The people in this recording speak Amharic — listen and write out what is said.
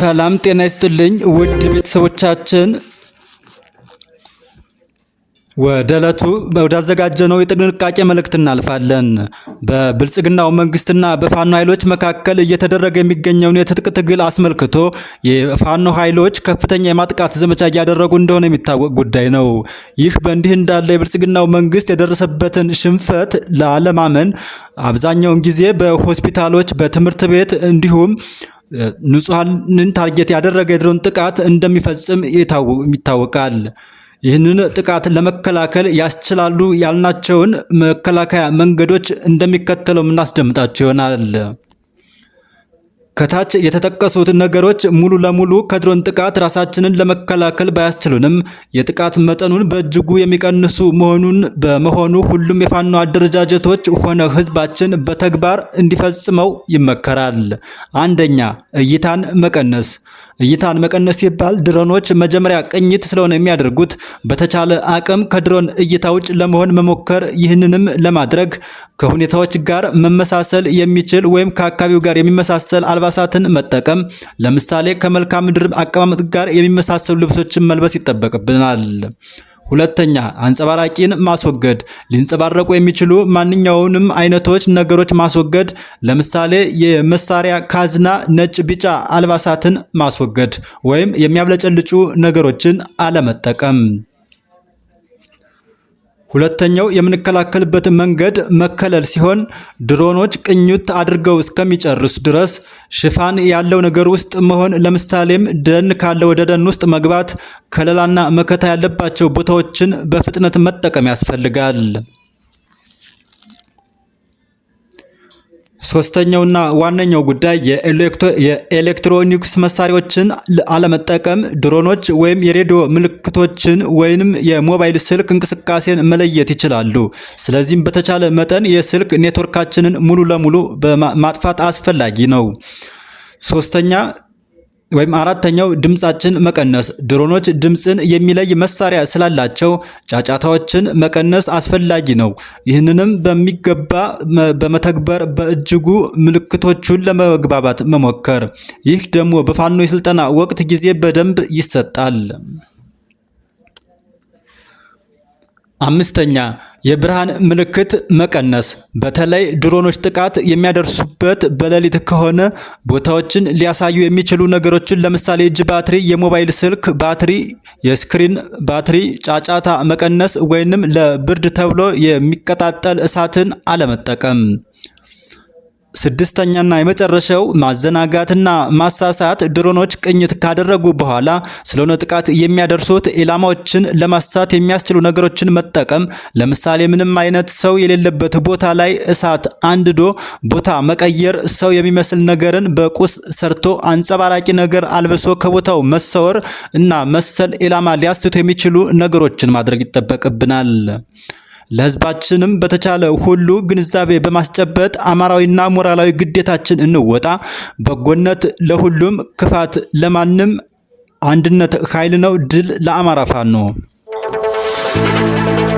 ሰላም ጤና ይስጥልኝ ውድ ቤተሰቦቻችን ወደ ዕለቱ ነው የጥንቃቄ መልእክት እናልፋለን። በብልጽግናው መንግስትና በፋኖ ኃይሎች መካከል እየተደረገ የሚገኘውን የትጥቅ ትግል አስመልክቶ የፋኖ ኃይሎች ከፍተኛ የማጥቃት ዘመቻ እያደረጉ እንደሆነ የሚታወቅ ጉዳይ ነው። ይህ በእንዲህ እንዳለ የብልጽግናው መንግስት የደረሰበትን ሽንፈት ለአለማመን አብዛኛውን ጊዜ በሆስፒታሎች፣ በትምህርት ቤት እንዲሁም ንጹሐንን ታርጌት ያደረገ የድሮን ጥቃት እንደሚፈጽም ይታወቃል። ይህንን ጥቃት ለመከላከል ያስችላሉ ያልናቸውን መከላከያ መንገዶች እንደሚከተለው የምናስደምጣቸው ይሆናል። ከታች የተጠቀሱት ነገሮች ሙሉ ለሙሉ ከድሮን ጥቃት ራሳችንን ለመከላከል ባያስችሉንም የጥቃት መጠኑን በእጅጉ የሚቀንሱ መሆኑን በመሆኑ ሁሉም የፋኖ አደረጃጀቶች ሆነ ህዝባችን በተግባር እንዲፈጽመው ይመከራል። አንደኛ እይታን መቀነስ። እይታን መቀነስ ሲባል ድሮኖች መጀመሪያ ቅኝት ስለሆነ የሚያደርጉት በተቻለ አቅም ከድሮን እይታ ውጭ ለመሆን መሞከር፣ ይህንንም ለማድረግ ከሁኔታዎች ጋር መመሳሰል የሚችል ወይም ከአካባቢው ጋር የሚመሳሰል አልባሳትን መጠቀም ለምሳሌ ከመልካም ምድር አቀማመጥ ጋር የሚመሳሰሉ ልብሶችን መልበስ ይጠበቅብናል። ሁለተኛ አንጸባራቂን ማስወገድ፣ ሊንጸባረቁ የሚችሉ ማንኛውንም አይነቶች ነገሮች ማስወገድ። ለምሳሌ የመሳሪያ ካዝና፣ ነጭ፣ ቢጫ አልባሳትን ማስወገድ ወይም የሚያብለጨልጩ ነገሮችን አለመጠቀም። ሁለተኛው የምንከላከልበት መንገድ መከለል ሲሆን ድሮኖች ቅኝት አድርገው እስከሚጨርሱ ድረስ ሽፋን ያለው ነገር ውስጥ መሆን፣ ለምሳሌም ደን ካለ ወደ ደን ውስጥ መግባት፣ ከለላና መከታ ያለባቸው ቦታዎችን በፍጥነት መጠቀም ያስፈልጋል። ሶስተኛውና ዋነኛው ጉዳይ የኤሌክትሮኒክስ መሳሪያዎችን አለመጠቀም፣ ድሮኖች ወይም የሬዲዮ ምልክቶችን ወይም የሞባይል ስልክ እንቅስቃሴን መለየት ይችላሉ። ስለዚህም በተቻለ መጠን የስልክ ኔትወርካችንን ሙሉ ለሙሉ ማጥፋት አስፈላጊ ነው። ሶስተኛ ወይም አራተኛው ድምፃችን መቀነስ። ድሮኖች ድምፅን የሚለይ መሳሪያ ስላላቸው ጫጫታዎችን መቀነስ አስፈላጊ ነው። ይህንንም በሚገባ በመተግበር በእጅጉ ምልክቶቹን ለመግባባት መሞከር። ይህ ደግሞ በፋኖ የስልጠና ወቅት ጊዜ በደንብ ይሰጣል። አምስተኛ የብርሃን ምልክት መቀነስ፣ በተለይ ድሮኖች ጥቃት የሚያደርሱበት በሌሊት ከሆነ ቦታዎችን ሊያሳዩ የሚችሉ ነገሮችን ለምሳሌ እጅ ባትሪ፣ የሞባይል ስልክ ባትሪ፣ የስክሪን ባትሪ፣ ጫጫታ መቀነስ ወይንም ለብርድ ተብሎ የሚቀጣጠል እሳትን አለመጠቀም። ስድስተኛና የመጨረሻው ማዘናጋትና ማሳሳት ድሮኖች ቅኝት ካደረጉ በኋላ ስለሆነ ጥቃት የሚያደርሱት ኢላማዎችን ለማሳት የሚያስችሉ ነገሮችን መጠቀም። ለምሳሌ ምንም አይነት ሰው የሌለበት ቦታ ላይ እሳት አንድዶ ቦታ መቀየር፣ ሰው የሚመስል ነገርን በቁስ ሰርቶ አንጸባራቂ ነገር አልብሶ ከቦታው መሰወር እና መሰል ኢላማ ሊያስቱ የሚችሉ ነገሮችን ማድረግ ይጠበቅብናል። ለህዝባችንም በተቻለ ሁሉ ግንዛቤ በማስጨበጥ አማራዊና ሞራላዊ ግዴታችን እንወጣ። በጎነት ለሁሉም ክፋት ለማንም። አንድነት ኃይል ነው። ድል ለአማራ ፋኖ ነው።